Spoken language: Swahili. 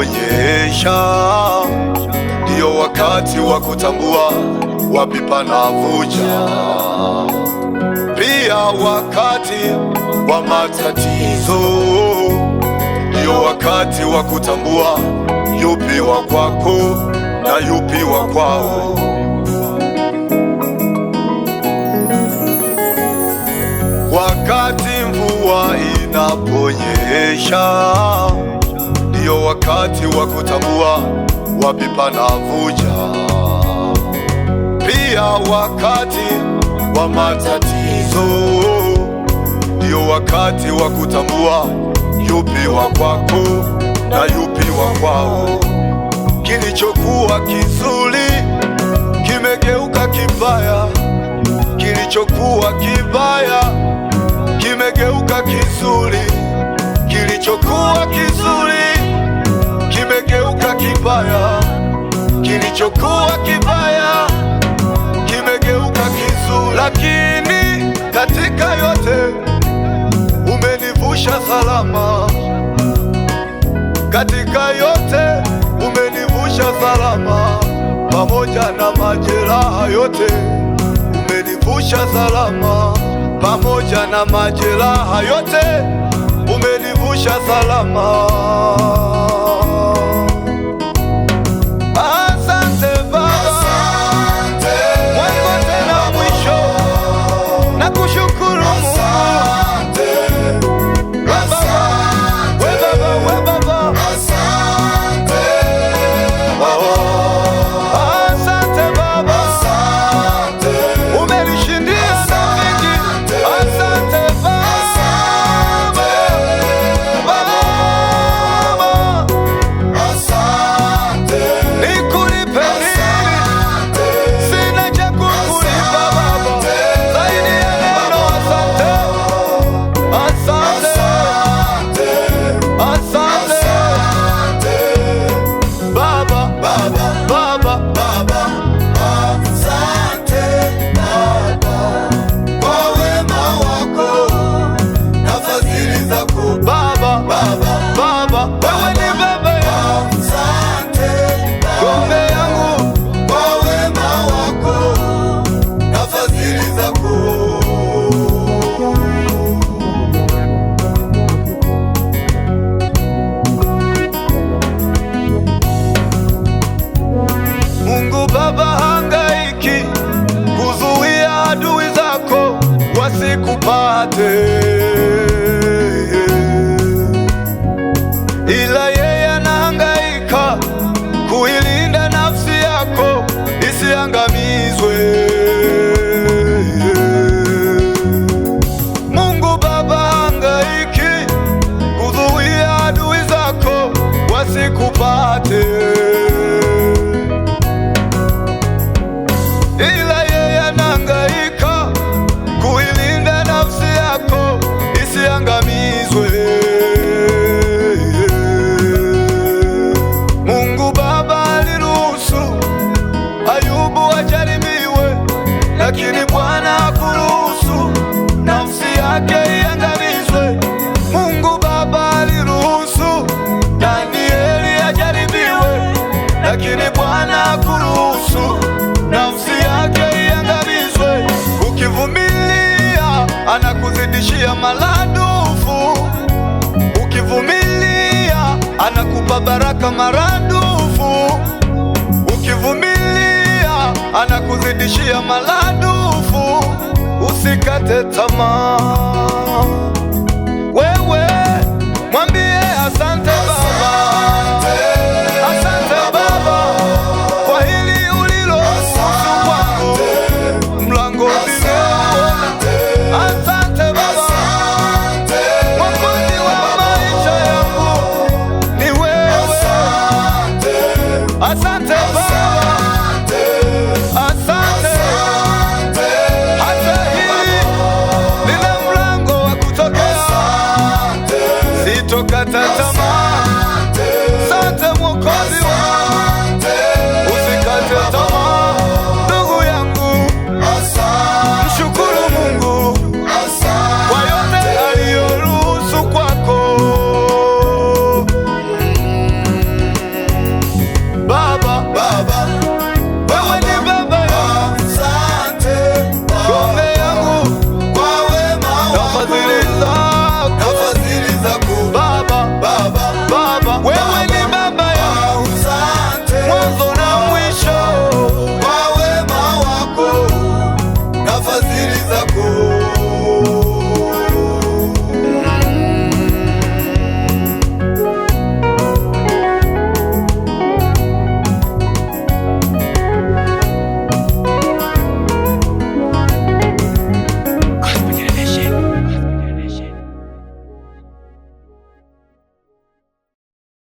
kuonyesha, ndiyo wakati wa kutambua wapi panavuja, pia wakati wa matatizo, ndiyo wakati wa kutambua yupi wa kwako na yupi wa kwao. Wakati mvua inaponyesha Ndiyo wakati wa kutambua wapi panavuja, pia wakati wa matatizo. Ndiyo wakati wa kutambua yupi wa kwako na yupi wa kwao. Kilichokuwa kizuri kimegeuka kibaya, kilichokuwa kibaya kimegeuka kizuri, kilichokuwa kizuri kilichokuwa kibaya kimegeuka kizuri, lakini katika yote umenivusha salama, katika yote umenivusha salama, pamoja na majeraha yote umenivusha salama, pamoja na majeraha yote umenivusha salama. nikupate, ila yeye anahangaika kuilinda nafsi yako isiangamizwe. kuishia maradufu. Ukivumilia anakupa baraka maradufu, ukivumilia anakuzidishia maradufu. Usikate tamaa. Ele a